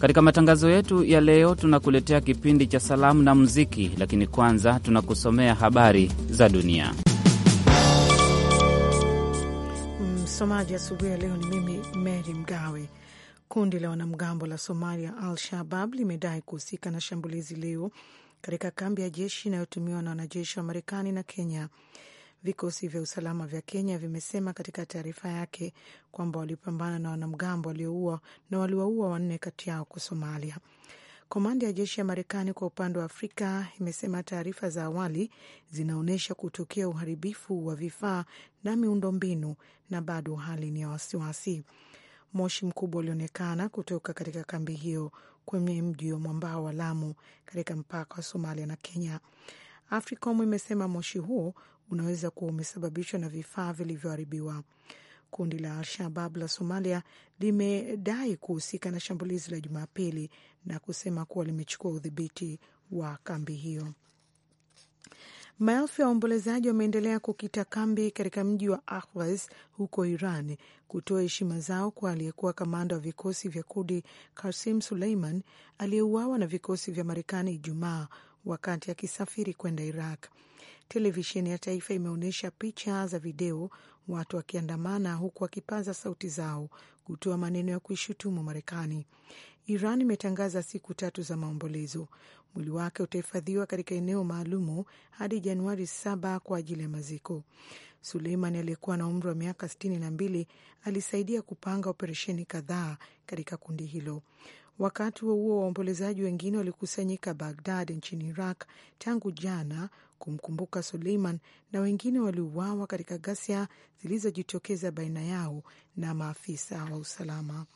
Katika matangazo yetu ya leo, tunakuletea kipindi cha salamu na muziki, lakini kwanza tunakusomea habari za dunia. Msomaji asubuhi ya leo ni mimi Mary Mgawe. Kundi la wanamgambo la Somalia Al Shabab limedai kuhusika na shambulizi leo katika kambi ya jeshi inayotumiwa na wanajeshi wa Marekani na Kenya Vikosi vya usalama vya Kenya vimesema katika taarifa yake kwamba walipambana na wanamgambo walioua na waliwaua wanne kati yao kwa Somalia. Komandi ya jeshi ya Marekani kwa upande wa Afrika imesema taarifa za awali zinaonyesha kutokea uharibifu wa vifaa na miundombinu na bado hali ni ya wasiwasi. Moshi mkubwa ulionekana kutoka katika kambi hiyo kwenye mji wa mwambao wa Lamu katika mpaka wa Somalia na Kenya. AFRICOM imesema moshi huo unaweza kuwa umesababishwa na vifaa vilivyoharibiwa. Kundi la Al-Shabab la Somalia limedai kuhusika na shambulizi la Jumapili na kusema kuwa limechukua udhibiti wa kambi hiyo. Maelfu ya waombolezaji wameendelea kukita kambi katika mji wa Ahvaz huko Iran kutoa heshima zao kwa aliyekuwa kamanda wa vikosi vya Kurdi Kasim Suleiman aliyeuawa na vikosi vya Marekani Ijumaa wakati akisafiri kwenda Iraq televisheni ya taifa imeonyesha picha za video watu wakiandamana huku wakipaza sauti zao kutoa maneno ya kuishutumu Marekani. Iran imetangaza siku tatu za maombolezo. Mwili wake utahifadhiwa katika eneo maalumu hadi Januari saba kwa ajili ya maziko. Suleiman aliyekuwa na umri wa miaka sitini na mbili alisaidia kupanga operesheni kadhaa katika kundi hilo. Wakati huo huo, waombolezaji wengine walikusanyika bagdad nchini Iraq tangu jana kumkumbuka Suleiman na wengine waliuawa katika ghasia zilizojitokeza baina yao na maafisa wa usalama.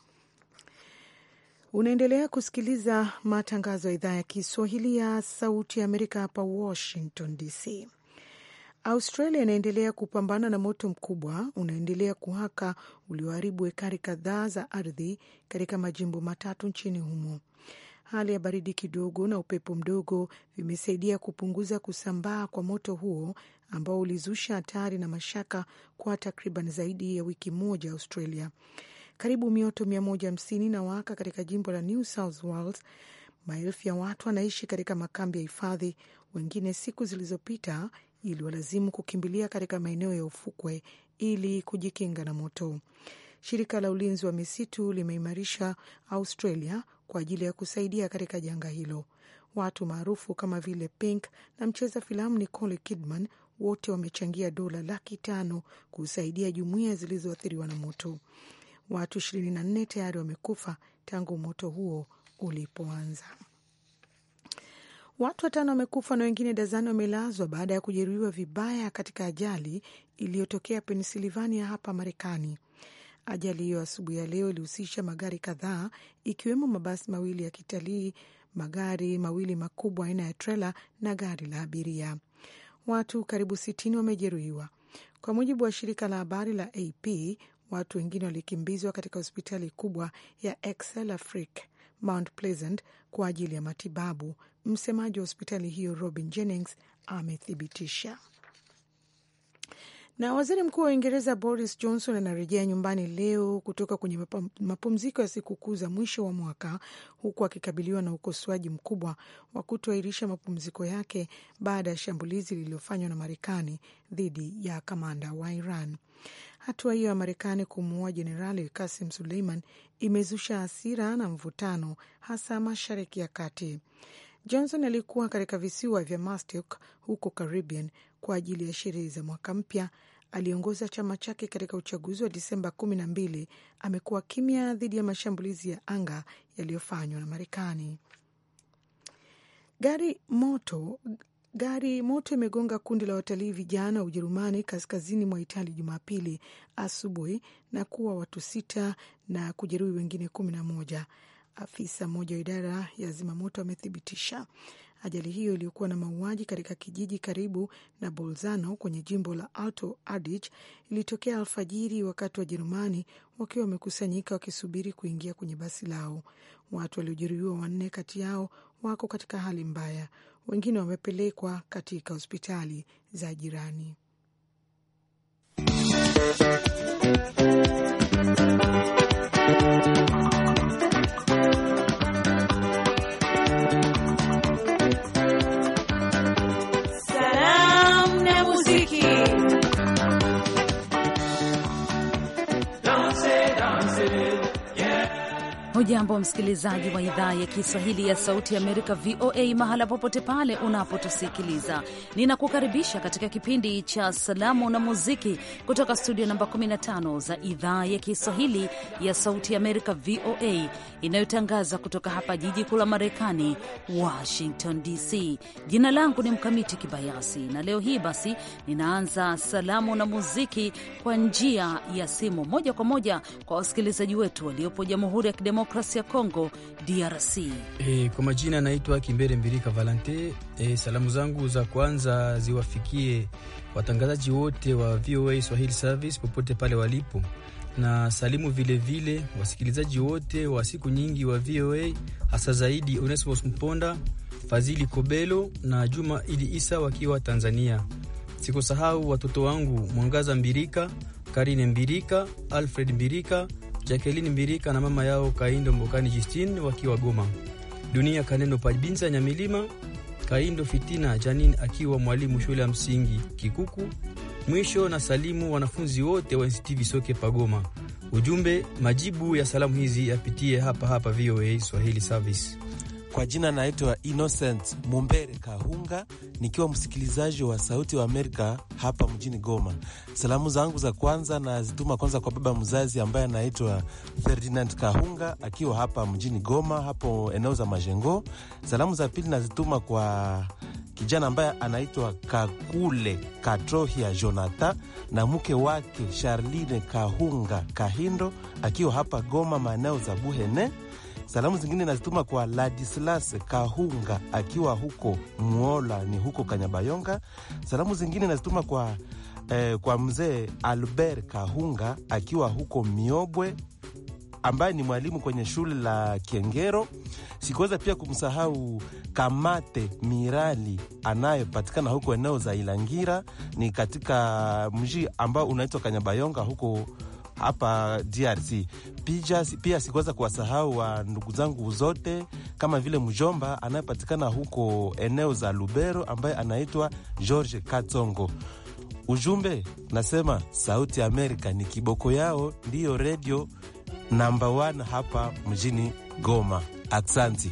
Unaendelea kusikiliza matangazo ya idhaa ya Kiswahili ya Sauti ya Amerika hapa Washington DC. Australia inaendelea kupambana na moto mkubwa unaendelea kuwaka ulioharibu hekari kadhaa za ardhi katika majimbo matatu nchini humo hali ya baridi kidogo na upepo mdogo vimesaidia kupunguza kusambaa kwa moto huo ambao ulizusha hatari na mashaka kwa takriban zaidi ya wiki moja Australia. Karibu mioto 150 na waka katika jimbo la New South Wales. Maelfu ya watu wanaishi katika makambi ya hifadhi, wengine siku zilizopita iliwalazimu kukimbilia katika maeneo ya ufukwe ili kujikinga na moto. Shirika la ulinzi wa misitu limeimarisha Australia kwa ajili ya kusaidia katika janga hilo. Watu maarufu kama vile Pink na mcheza filamu Nicole Kidman wote wamechangia dola laki tano kusaidia jumuiya zilizoathiriwa na moto. Watu 24 tayari wamekufa tangu moto huo ulipoanza. Watu watano wamekufa na wengine dazani wamelazwa baada ya kujeruhiwa vibaya katika ajali iliyotokea Pennsylvania hapa Marekani. Ajali hiyo asubuhi ya leo ilihusisha magari kadhaa ikiwemo mabasi mawili ya kitalii, magari mawili makubwa aina ya trela na gari la abiria. Watu karibu sitini wamejeruhiwa kwa mujibu wa shirika la habari la AP. Watu wengine walikimbizwa katika hospitali kubwa ya Excel Afrique Mount Pleasant kwa ajili ya matibabu. Msemaji wa hospitali hiyo Robin Jennings amethibitisha. Na waziri mkuu wa Uingereza Boris Johnson anarejea nyumbani leo kutoka kwenye mapumziko ya sikukuu za mwisho wa mwaka huku akikabiliwa na ukosoaji mkubwa wa kutoahirisha mapumziko yake baada ya shambulizi lililofanywa na Marekani dhidi ya kamanda wa Iran. Hatua hiyo ya Marekani kumuua Jenerali Kasim Suleiman imezusha hasira na mvutano, hasa Mashariki ya Kati. Johnson alikuwa katika visiwa vya Mastic huko Caribbean kwa ajili ya sherehe za mwaka mpya aliongoza chama chake katika uchaguzi wa Disemba kumi na mbili amekuwa kimya dhidi ya mashambulizi ya anga yaliyofanywa na Marekani. Gari moto gari moto imegonga kundi la watalii vijana wa Ujerumani kaskazini mwa Itali Jumapili asubuhi na kuwa watu sita na kujeruhi wengine kumi na moja. Afisa mmoja wa idara ya zimamoto amethibitisha Ajali hiyo iliyokuwa na mauaji katika kijiji karibu na Bolzano kwenye jimbo la Alto Adige ilitokea alfajiri, wakati wa jerumani wakiwa wamekusanyika wakisubiri kuingia kwenye basi lao. Watu waliojeruhiwa wanne kati yao wako katika hali mbaya, wengine wamepelekwa katika hospitali za jirani. Hujambo msikilizaji wa idhaa ya Kiswahili ya Sauti ya Amerika, VOA, mahala popote pale unapotusikiliza, ninakukaribisha katika kipindi cha Salamu na Muziki kutoka studio namba 15 za idhaa ya Kiswahili ya Sauti ya Amerika, VOA, inayotangaza kutoka hapa jiji kuu la Marekani, Washington DC. Jina langu ni Mkamiti Kibayasi, na leo hii basi ninaanza Salamu na Muziki kwa njia ya simu moja kwa moja kwa wasikilizaji wetu waliopo Jamhuri ya Kidemokrasia Kidemokrasi ya Kongo, DRC. E, kwa majina anaitwa Kimbere Mbirika Valante. E, salamu zangu za kwanza ziwafikie watangazaji wote wa VOA Swahili Service popote pale walipo, na salimu vilevile vile, wasikilizaji wote wa siku nyingi wa VOA hasa zaidi onesimos Mponda, Fazili Kobelo na Juma Idi Isa wakiwa Tanzania. Sikusahau watoto wangu Mwangaza Mbirika, Karine Mbirika, Alfred Mbirika Jacqueline Mbirika na mama yao Kaindo Mbokani Justine wakiwa Goma. Dunia Kaneno Pabinza Nyamilima, Kaindo Fitina Janine akiwa mwalimu shule ya msingi Kikuku. Mwisho na salimu wanafunzi wote wa NCTV Soke Pagoma. Ujumbe, majibu ya salamu hizi yapitie hapa hapa VOA Swahili Service. Kwa jina naitwa Innocent Mumbere Kahunga, nikiwa msikilizaji wa Sauti wa Amerika hapa mjini Goma. Salamu zangu za kwanza nazituma kwanza kwa baba mzazi ambaye anaitwa Ferdinand Kahunga akiwa hapa mjini Goma, hapo eneo za Majengo. Salamu za pili nazituma kwa kijana ambaye anaitwa Kakule Katrohia Jonathan na mke wake Charline Kahunga Kahindo akiwa hapa Goma, maeneo za Buhene. Salamu zingine nazituma kwa Ladislas Kahunga akiwa huko Muola ni huko Kanyabayonga. Salamu zingine nazituma kwa, eh, kwa mzee Albert Kahunga akiwa huko Miobwe ambaye ni mwalimu kwenye shule la Kiengero. Sikuweza pia kumsahau Kamate Mirali anayepatikana huko eneo za Ilangira, ni katika mji ambao unaitwa Kanyabayonga huko hapa DRC. Pia, pia sikuweza kuwasahau wa ndugu zangu zote kama vile mjomba anayepatikana huko eneo za Lubero ambaye anaitwa George Katongo. Ujumbe nasema Sauti ya Amerika ni kiboko yao, ndiyo redio namba 1 hapa mjini Goma. Aksanti.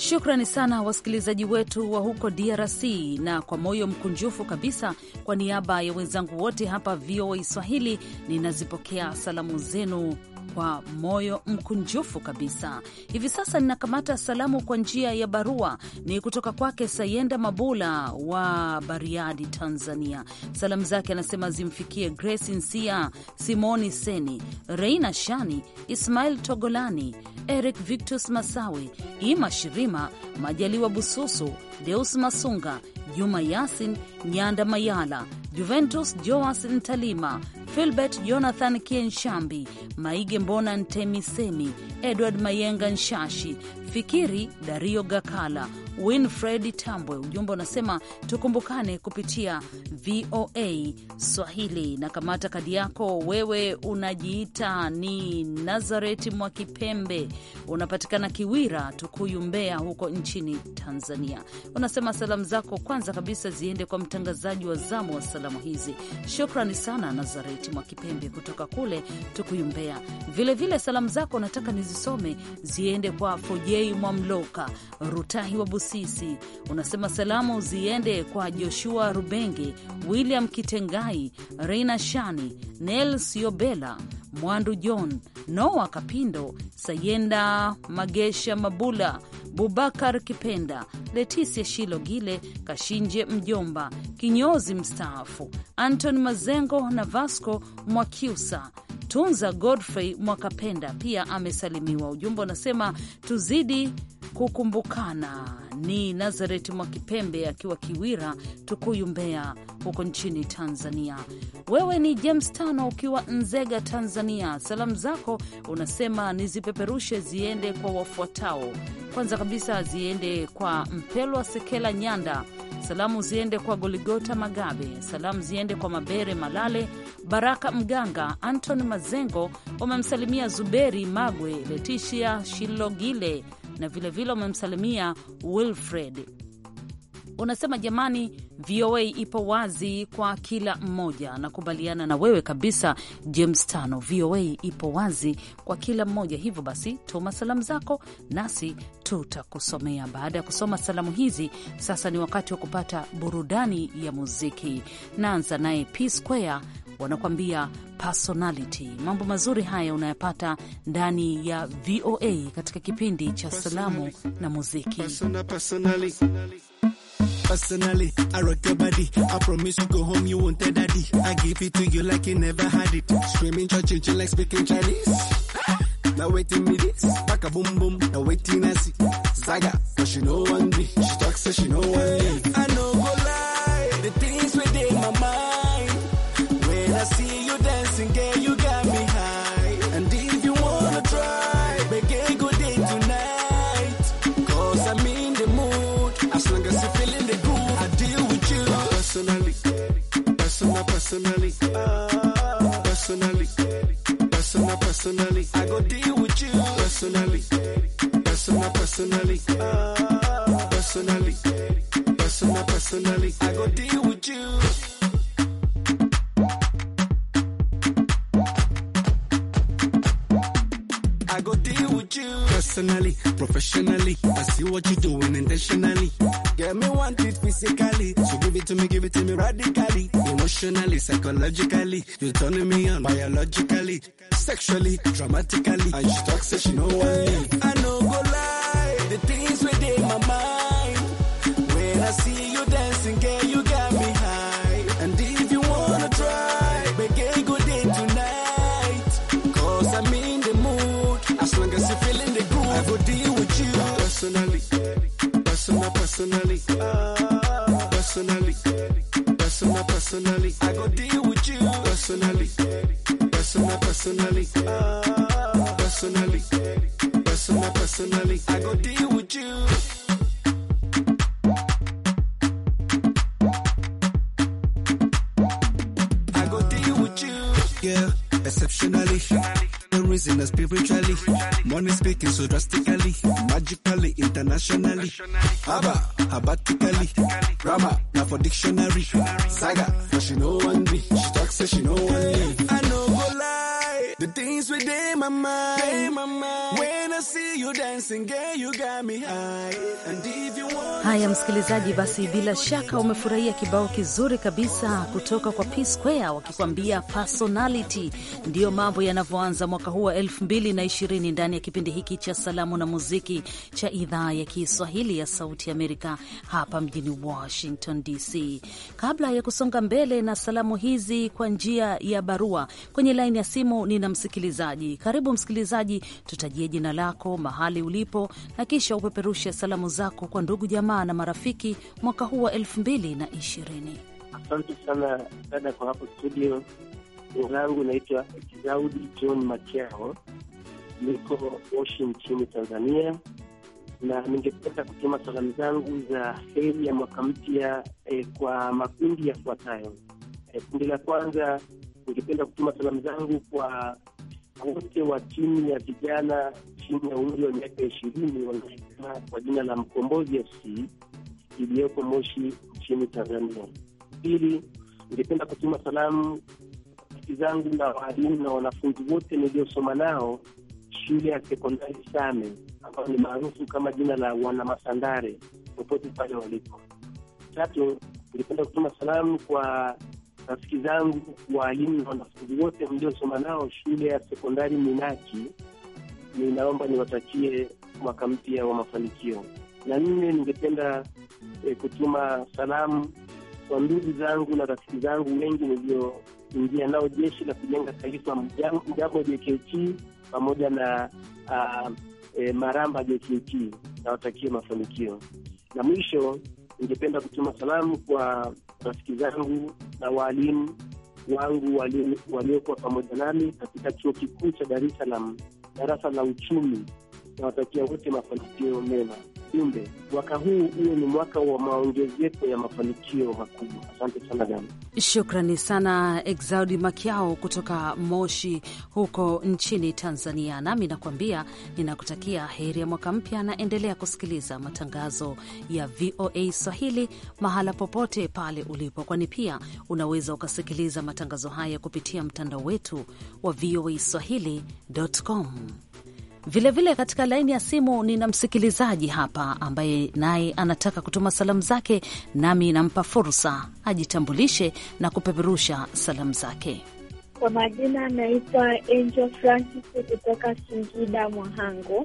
Shukrani sana wasikilizaji wetu wa huko DRC, na kwa moyo mkunjufu kabisa, kwa niaba ya wenzangu wote hapa VOA Swahili, ninazipokea salamu zenu kwa moyo mkunjufu kabisa. Hivi sasa ninakamata salamu kwa njia ya barua, ni kutoka kwake Sayenda Mabula wa Bariadi, Tanzania. Salamu zake anasema zimfikie Grace Nsia, Simoni Seni, Reina Shani, Ismail Togolani, Eric Victus Masawe, Ima Shirima, Majaliwa Bususu, Deus Masunga, Juma Yasin, Nyanda Mayala, Juventus Joas Ntalima, Filbert Jonathan Kienshambi, Maige Mbona Ntemisemi, Edward Mayenga Nshashi, Fikiri Dario Gakala, Winfred Tambwe. Ujumbe unasema tukumbukane kupitia VOA Swahili. Na kamata kadi yako wewe, unajiita ni Nazareti mwa Kipembe, unapatikana Kiwira, Tukuyu, Mbeya huko nchini Tanzania. Unasema salamu zako kwanza kabisa ziende kwa mtangazaji wa zamu wa salamu hizi. Shukrani sana Nazareti mwa Kipembe kutoka kule Tukuyu, Mbeya. Vilevile salamu zako nataka nizisome ziende kwa Foje Mwamloka Rutahi wa Busisi, unasema salamu ziende kwa Joshua Rubenge, William Kitengai, Reina Shani, nels yobela Mwandu John, Noa Kapindo, Sayenda Magesha Mabula Bubakar Kipenda, Letisia Shilogile Kashinje, mjomba kinyozi mstaafu, Anton Mazengo na Vasco Mwakiusa. Tunza Godfrey Mwakapenda pia amesalimiwa. Ujumbe unasema tuzidi kukumbukana. Ni Nazareti Mwakipembe akiwa Kiwira, Tukuyu, Mbeya huko nchini Tanzania. Wewe ni James Tano ukiwa Nzega, Tanzania. Salamu zako unasema nizipeperushe ziende kwa wafuatao. Kwanza kabisa ziende kwa Mpelwa Sekela Nyanda, salamu ziende kwa Goligota Magabe, salamu ziende kwa Mabere Malale, Baraka Mganga, Anton Mazengo. Wamemsalimia Zuberi Magwe, Letishia Shilogile na vilevile wamemsalimia Wilfred. Unasema jamani, VOA ipo wazi kwa kila mmoja. Nakubaliana na wewe kabisa, James Tano, VOA ipo wazi kwa kila mmoja. Hivyo basi, tuma salamu zako nasi tutakusomea. Baada ya kusoma salamu hizi, sasa ni wakati wa kupata burudani ya muziki. Naanza naye P Square wanakuambia personality. Mambo mazuri haya unayapata ndani ya VOA katika kipindi cha salamu na muziki personally. I rock your body. I promise you go home, you won't tell daddy. I give it to you like you never had it. Screaming, like speaking Chinese. Now waiting me this, back a boom boom. Now waiting I see Zaga, she know one She talks, so she know one I know personally, personally, personal, personally. I go deal with you personally, personal, personally, personally, personal, personally. I go deal with you. with you. Personally, professionally, I see what you're doing intentionally. Get me wanted physically, so give it to me, give it to me radically. Emotionally, psychologically, you're turning me on biologically, sexually, dramatically. And she talks, so she know I mean. I know go lie, the things within my mind. When I see personally. Uh, personally. Personal, personally. I go deal with you. Personally. Personal, personally. Uh, personally. Personal, personally. I go deal with you. I go deal with you. Yeah, exceptionally. exceptionally reason spiritually. Money speaking so drastically, magically, internationally. Abba, habatically. Rama, now for dictionary. Saga, for she know one She talks, say she know one The things within my mind. my mind. When I see you dancing, girl, you got me high. And if you want... Haya msikilizaji, basi bila shaka umefurahia kibao kizuri kabisa kutoka kwa P Square wakikwambia personality. Ndiyo mambo yanavyoanza mwaka huu wa 2020 ndani ya kipindi hiki cha salamu na muziki cha idhaa ya Kiswahili ya Sauti ya Amerika hapa mjini Washington DC. Kabla ya kusonga mbele na salamu hizi kwa njia ya barua kwenye laini ya simu nina msikilizaji. Karibu msikilizaji, tutajie jina lako, mahali ulipo, na kisha upeperushe salamu zako kwa ndugu jamaa na marafiki mwaka huu wa elfu mbili na ishirini. Asante sana dada kwa hapo studio. Jina langu naitwa Kizaudi John Machao, niko Moshi nchini Tanzania, na ningependa kutuma salamu zangu za heri ya mwaka mpya eh, kwa makundi yafuatayo. Eh, kundi eh, la kwanza ningependa kutuma salamu zangu kwa wote wa timu ya vijana chini ya umri wa miaka ishirini wanaojulikana kwa jina la Mkombozi FC iliyoko Moshi nchini Tanzania. Pili, ningependa kutuma salamu rafiki zangu na waalimu na wanafunzi wote niliosoma nao shule ya sekondari Same ambayo ni maarufu kama jina la Wanamasandare popote pale walipo. Tatu, ningependa kutuma salamu kwa rafiki zangu, waalimu na wanafunzi wote mliosoma nao shule ya sekondari Minaki, ninaomba niwatakie mwaka mpya wa mafanikio. Na nne, ningependa e, kutuma salamu kwa ndugu zangu na rafiki zangu wengi nilioingia nao jeshi la kujenga taifa, Mjambo JKT pamoja na uh, e, Maramba JKT, nawatakie mafanikio. Na mwisho ningependa kutuma salamu kwa rafiki zangu na waalimu wangu waliokuwa pamoja nami katika chuo kikuu cha Dar es Salaam darasa la uchumi. Nawatakia wote mafanikio mema ujumbe, mwaka huu huo ni mwaka wa maongezeko ya mafanikio makubwa. Asante sana dama. Shukrani sana Exaudi Makiao kutoka Moshi huko nchini Tanzania. Nami nakuambia ninakutakia heri ya mwaka mpya, na endelea kusikiliza matangazo ya VOA Swahili mahala popote pale ulipo, kwani pia unaweza ukasikiliza matangazo haya kupitia mtandao wetu wa voa swahilicom Vilevile vile katika laini ya simu nina msikilizaji hapa ambaye naye anataka kutuma salamu zake, nami nampa fursa ajitambulishe na kupeperusha salamu zake. Kwa majina anaitwa Angel Francis kutoka Singida Mwahango.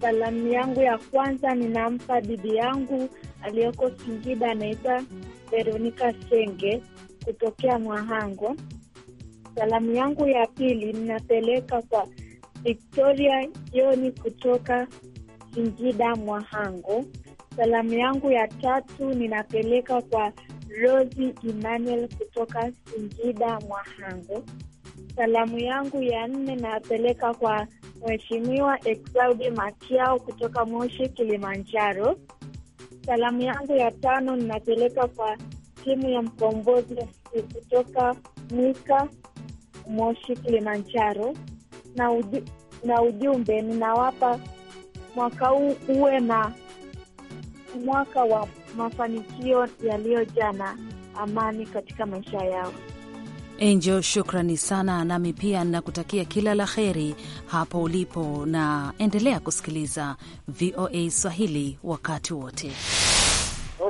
Salamu yangu ya kwanza ninampa bibi yangu aliyoko Singida, anaitwa Veronika Senge kutokea Mwahango. Salamu yangu ya pili ninapeleka kwa Victoria Joni kutoka Singida Mwahango. Salamu yangu ya tatu ninapeleka kwa Rosi Emmanuel kutoka Singida Mwahango. Salamu yangu ya nne napeleka kwa Mheshimiwa Exaudi Matiao kutoka Moshi, Kilimanjaro. Salamu yangu ya tano ninapeleka kwa timu ya Mkombozi kutoka Mwika, Moshi, Kilimanjaro na, uj na ujumbe ninawapa mwaka huu uwe na mwaka wa mafanikio yaliyojaa na amani katika maisha yao. Angel, shukrani sana. Nami pia nakutakia kila la heri hapo ulipo, na endelea kusikiliza VOA Swahili wakati wote.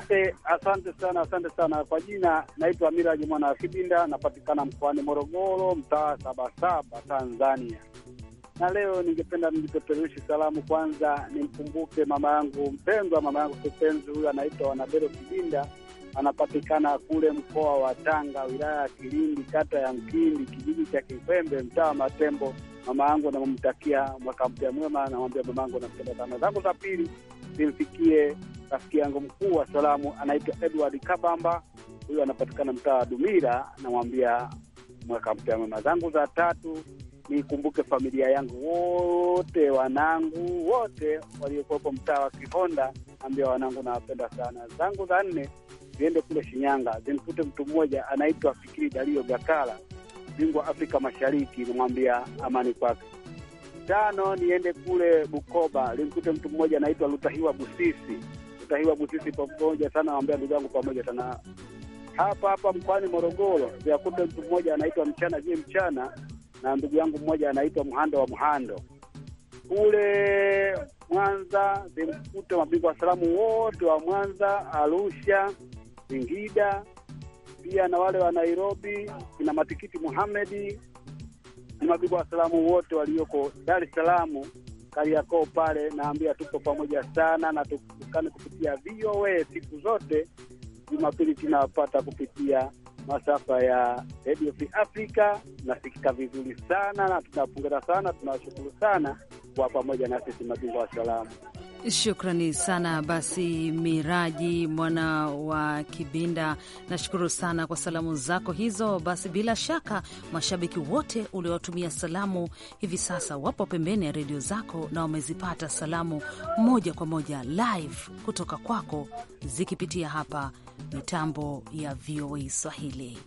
Okay, asante sana, asante sana kwa jina. Naitwa Miraji Mwana wa Kibinda, napatikana mkoani Morogoro, mtaa Sabasaba, Tanzania. Na leo ningependa nijipeperushi salamu. Kwanza nimkumbuke mama yangu mpendwa, mama yangu kipenzi, huyu anaitwa Wanabero Kibinda, anapatikana kule mkoa wa Tanga, wilaya ya Kilindi, kata ya Mkindi, kijiji cha Kikwembe, mtaa wa Matembo. Mama yangu namtakia mwaka mpya mwema, namwambia mama yangu nampenda sana. Zangu za pili zimfikie Rafiki yangu mkuu wa salamu anaitwa Edward Kabamba, huyu anapatikana mtaa wa dumira Namwambia mwaka mpya mema Zangu za tatu nikumbuke familia yangu wote, wanangu wote waliokuwepo mtaa wa Kihonda. naambia wanangu nawapenda sana. Zangu za nne ziende kule Shinyanga, zimkute mtu mmoja anaitwa Fikiri dario Gakala, bingwa Afrika Mashariki, namwambia amani kwake. Tano niende kule Bukoba, limkute mtu mmoja anaitwa Lutahiwa Busisi tutahiwa busisi pamoja sana, waambia ndugu yangu pamoja sana hapa hapa mkoani Morogoro, vyakuta mtu mmoja anaitwa mchana je mchana, na ndugu yangu mmoja anaitwa mhando wa mhando. Kule Mwanza vimkuta mabingwa salamu wote wa Mwanza, Arusha, Singida, pia na wale wa Nairobi kina matikiti Muhamedi, ni mabingwa wa salamu wote walioko Dar es Salaam Kariakoo pale, naambia tuko pamoja sana na tukutane kupitia VOA siku zote. Jumapili tunapata kupitia masafa ya Radio Free Africa, nasikika vizuri sana na tunapongeza sana, tunawashukuru sana kwa pamoja na sisi mabingwa wa salamu. Shukrani sana basi, Miraji mwana wa Kibinda, nashukuru sana kwa salamu zako hizo. Basi bila shaka mashabiki wote uliowatumia salamu hivi sasa wapo pembeni ya redio zako na wamezipata salamu moja kwa moja live kutoka kwako zikipitia hapa mitambo ya VOA Swahili.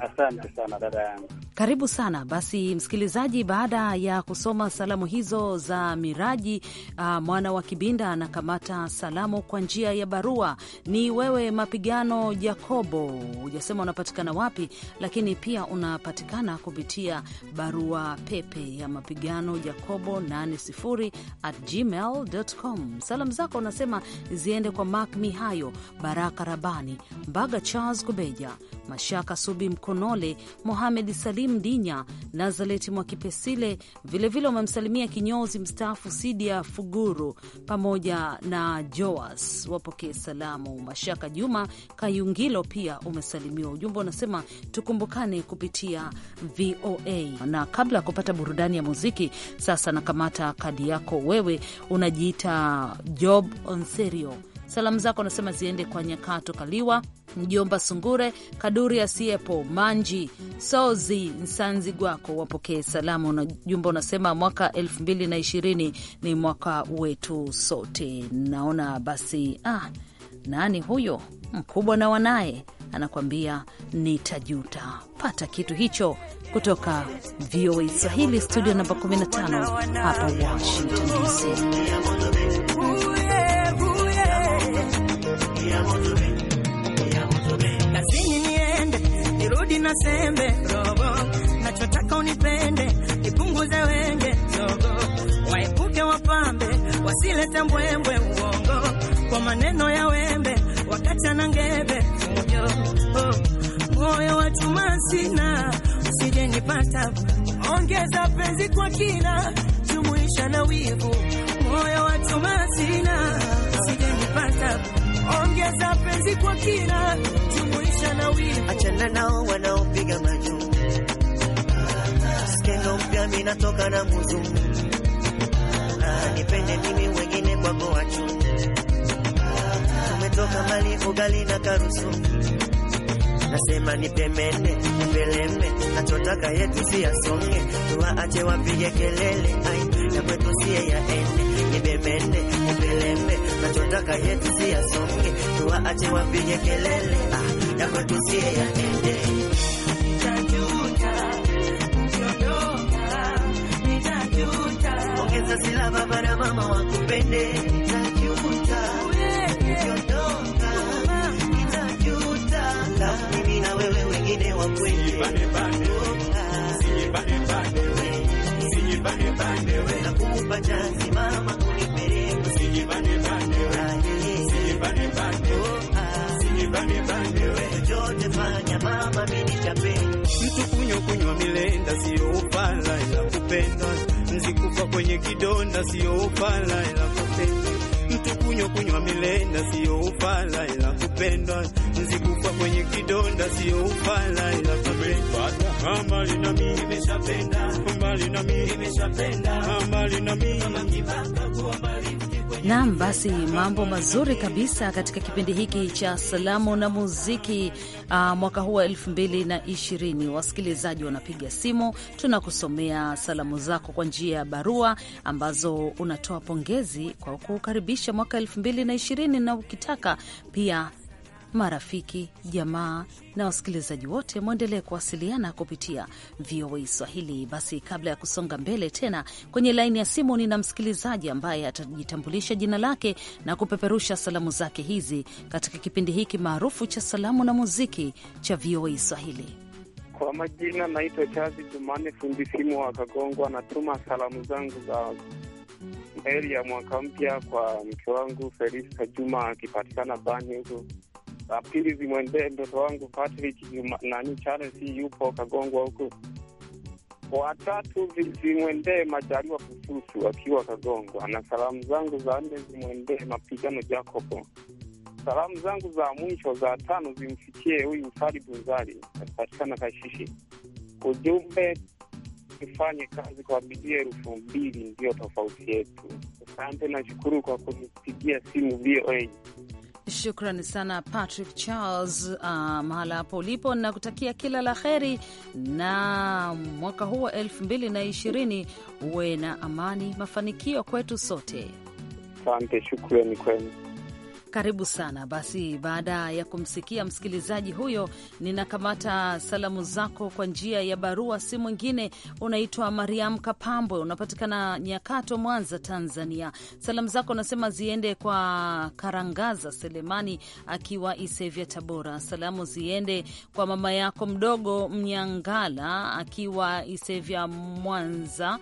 Asante sana dada yangu. Karibu sana basi, msikilizaji, baada ya kusoma salamu hizo za Miraji uh, mwana wa Kibinda anakamata salamu kwa njia ya barua. Ni wewe Mapigano Jakobo, hujasema unapatikana wapi, lakini pia unapatikana kupitia barua pepe ya mapigano jakobo 80 at gmail.com. Salamu zako unasema ziende kwa Mak Mihayo, Baraka Rabani, Mbaga, Charles Kubeja, Mashaka Subi, Mkonole, Mohamed Salim Salim Dinya, Nazareti Mwakipesile, vilevile wamemsalimia kinyozi mstaafu Sidia Fuguru pamoja na Joas, wapokee salamu. Mashaka Juma Kayungilo pia umesalimiwa. Ujumbe unasema tukumbukane kupitia VOA. Na kabla ya kupata burudani ya muziki, sasa nakamata kadi yako wewe, unajiita Job Onserio Salamu zako anasema ziende kwa Nyakato Kaliwa, mjomba Sungure, Kaduri Asiepo, Manji Sozi, Nsanzi Gwako wapokee salamu. Na jumba unasema mwaka elfu mbili na ishirini ni mwaka wetu sote. Naona basi, ah, nani huyo mkubwa na wanaye anakuambia nitajuta. Pata kitu hicho kutoka VOA Swahili studio namba 15 hapa Washington DC. sina sembe zogo, nachotaka unipende, nipunguze wenge zogo, waepuke wapambe, wasilete mbwembwe uongo kwa maneno ya wembe, wakati ana ngebe fujo. Oh, moyo wa chuma sina, usije nipata, ongeza penzi kwa kina, jumuisha na wivu. Moyo wa chuma sina, usije nipata, ongeza penzi kwa kina na wivu, achana nao wanaopiga majuu. Skendo mpya minatoka na nguzu, ah, nipende mimi wengine kwako wachu. Tumetoka mbali, ugali na karusu, nasema nipemene peleme, nachotaka yetu si yasonge, tuwaache wapige kelele, ai ya kwetu siye yaende nipemene peleme, nachotaka yetu si yasonge, tuwaache wapige kelele na matusie yaende ongeza sila wakupende mimi na wewe wengine wakwendnakuupa chanzi mama kunipereka Bande, bande, bande, bande, bande, bande, bande, bande, bande, bande, bande, bande, yote fanya mama minichape mtu kunywa kunywa milenda siyo ufala ila kupenda mzikufa kwenye kidonda sio ufala ila kupenda mtu kunywa kunywa milenda siyo ufala ila kupenda mzikufa kwenye kidonda siyo ufala ila kupenda mbali na mimi nimeshapenda mbali na mimi nimeshapenda mbali na mimi kama mjipaka kuwa mbali Nam, basi mambo mazuri kabisa katika kipindi hiki cha salamu na muziki uh, mwaka huu wa elfu mbili na ishirini. Wasikilizaji wanapiga simu, tunakusomea salamu zako kwa njia ya barua ambazo unatoa pongezi kwa kukaribisha mwaka elfu mbili na ishirini na ukitaka pia marafiki, jamaa na wasikilizaji wote, mwendelee kuwasiliana kupitia VOA Swahili. Basi kabla ya kusonga mbele tena, kwenye laini ya simu nina msikilizaji ambaye atajitambulisha jina lake na kupeperusha salamu zake hizi katika kipindi hiki maarufu cha salamu na muziki cha VOA Swahili. Kwa majina naitwa Chazi Jumane, fundi simu wa Kagongwa. Natuma salamu zangu za heri ya mwaka mpya kwa mke wangu Felista Juma akipatikana Bani huko la pili zimwendee mtoto wangu Patrick nani Charles yupo Kagongwa huko, Watatu zimwendee Majaliwa Kususu akiwa Kagongwa, na salamu zangu za nne zimwendee Mapigano Jacobo. Salamu zangu za mwisho za tano zimfikie huyu Sali Bunzali akipatikana Kashishi. Ujumbe, tufanye kazi kwa bidii, elfu mbili ndiyo tofauti yetu. Asante, nashukuru kwa kunipigia simu VOA. Shukran sana Patrick Charles, uh, mahala hapo ulipo, na kutakia kila la heri, na mwaka huu wa 2020 uwe na amani, mafanikio kwetu sote. Asante, shukrani kwenu. Karibu sana. Basi baada ya kumsikia msikilizaji huyo, ninakamata salamu zako kwa njia ya barua, si mwingine, unaitwa Mariam Kapambwe, unapatikana Nyakato, Mwanza, Tanzania. Salamu zako unasema ziende kwa Karangaza Selemani akiwa Isevya, Tabora. Salamu ziende kwa mama yako mdogo Mnyangala akiwa Isevya, Mwanza.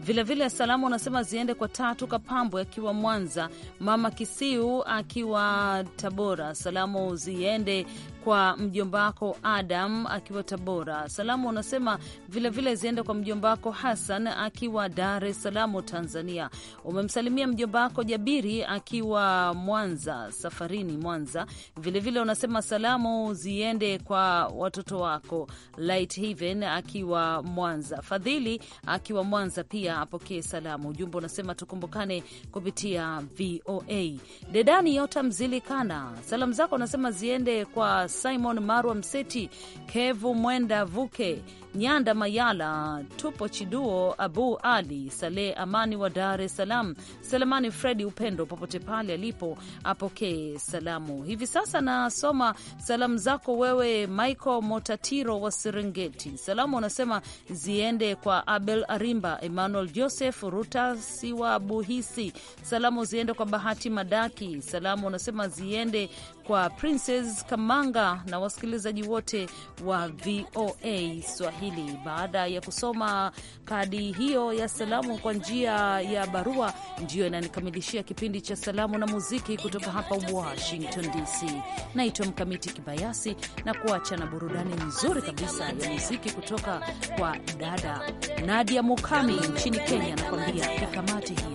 Vilevile salamu anasema ziende kwa Tatu Kapambwe akiwa Mwanza, Mama Kisiu akiwa Tabora. Salamu ziende kwa mjomba wako Adam akiwa Tabora. Salamu unasema vilevile ziende kwa mjomba wako Hassan akiwa Dar es Salaam, Tanzania. Umemsalimia mjomba wako Jabiri akiwa Mwanza, safarini Mwanza. Vilevile vile unasema salamu ziende kwa watoto wako Light Haven akiwa Mwanza, Fadhili akiwa Mwanza pia apokee salamu. Ujumbe unasema tukumbukane kupitia VOA. Dedani Yota Mzilikana, salamu zako unasema ziende kwa Simon Marwa, Mseti Kevu, Mwenda Vuke, Nyanda Mayala, Tupo Chiduo, Abu Ali Saleh Amani wa Dar es Salaam, Selemani Fredi Upendo, popote pale alipo apokee salamu. Hivi sasa nasoma salamu zako wewe, Michael Motatiro wa Serengeti. Salamu unasema ziende kwa Abel Arimba, Emmanuel Joseph Ruta Siwa Buhisi. Salamu ziende kwa Bahati Madaki. Salamu unasema ziende kwa Princess Kamanga na wasikilizaji wote wa VOA Swahili. Baada ya kusoma kadi hiyo ya salamu kwa njia ya barua, ndiyo inanikamilishia kipindi cha salamu na muziki kutoka hapa Washington DC. Naitwa Mkamiti Kibayasi na kuacha na burudani nzuri kabisa ya muziki kutoka kwa dada Nadia Mukami nchini Kenya, anakwambia ikamate hiyo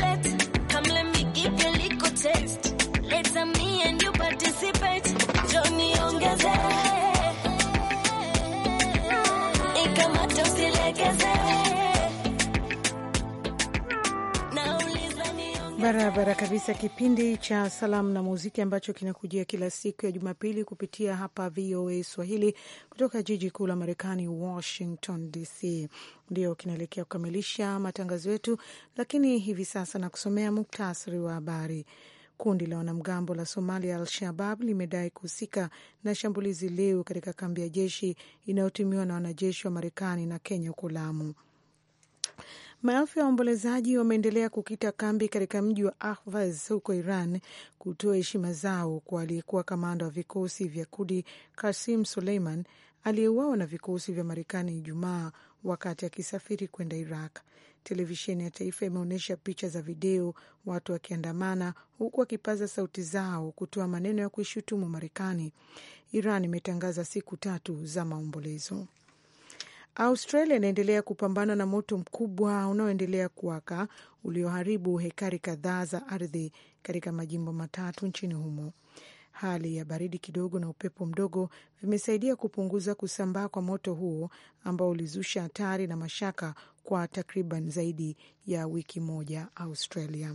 Barabara kabisa, kipindi cha salamu na muziki ambacho kinakujia kila siku ya Jumapili kupitia hapa VOA Swahili kutoka jiji kuu la Marekani, Washington DC, ndio kinaelekea kukamilisha matangazo yetu, lakini hivi sasa nakusomea muktasari wa habari. Kundi la wanamgambo la Somalia Al-Shabab limedai kuhusika na shambulizi leo katika kambi ya jeshi inayotumiwa na wanajeshi wa Marekani na Kenya huko Lamu. Maelfu ya waombolezaji wameendelea kukita kambi katika mji wa Ahvaz huko Iran kutoa heshima zao kwa aliyekuwa kamanda wa vikosi vya Kudi Kasim Suleiman aliyeuawa na vikosi vya Marekani Ijumaa wakati akisafiri kwenda Iraq televisheni ya taifa imeonyesha picha za video watu wakiandamana huku wakipaza sauti zao kutoa maneno ya kuishutumu Marekani. Iran imetangaza siku tatu za maombolezo. Australia inaendelea kupambana na moto mkubwa unaoendelea kuwaka ulioharibu hekari kadhaa za ardhi katika majimbo matatu nchini humo. Hali ya baridi kidogo na upepo mdogo vimesaidia kupunguza kusambaa kwa moto huo ambao ulizusha hatari na mashaka kwa takriban zaidi ya wiki moja Australia.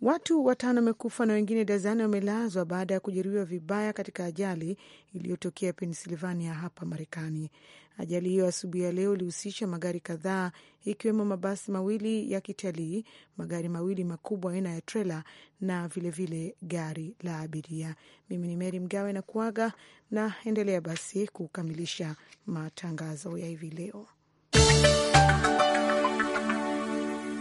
Watu watano wamekufa na wengine dazani wamelazwa baada ya kujeruhiwa vibaya katika ajali iliyotokea Pennsylvania hapa Marekani. Ajali hiyo asubuhi ya leo ilihusisha magari kadhaa ikiwemo mabasi mawili ya kitalii, magari mawili makubwa aina ya trela na vilevile vile gari la abiria. Mimi ni Meri Mgawe na kuaga na endelea basi kukamilisha matangazo ya hivi leo.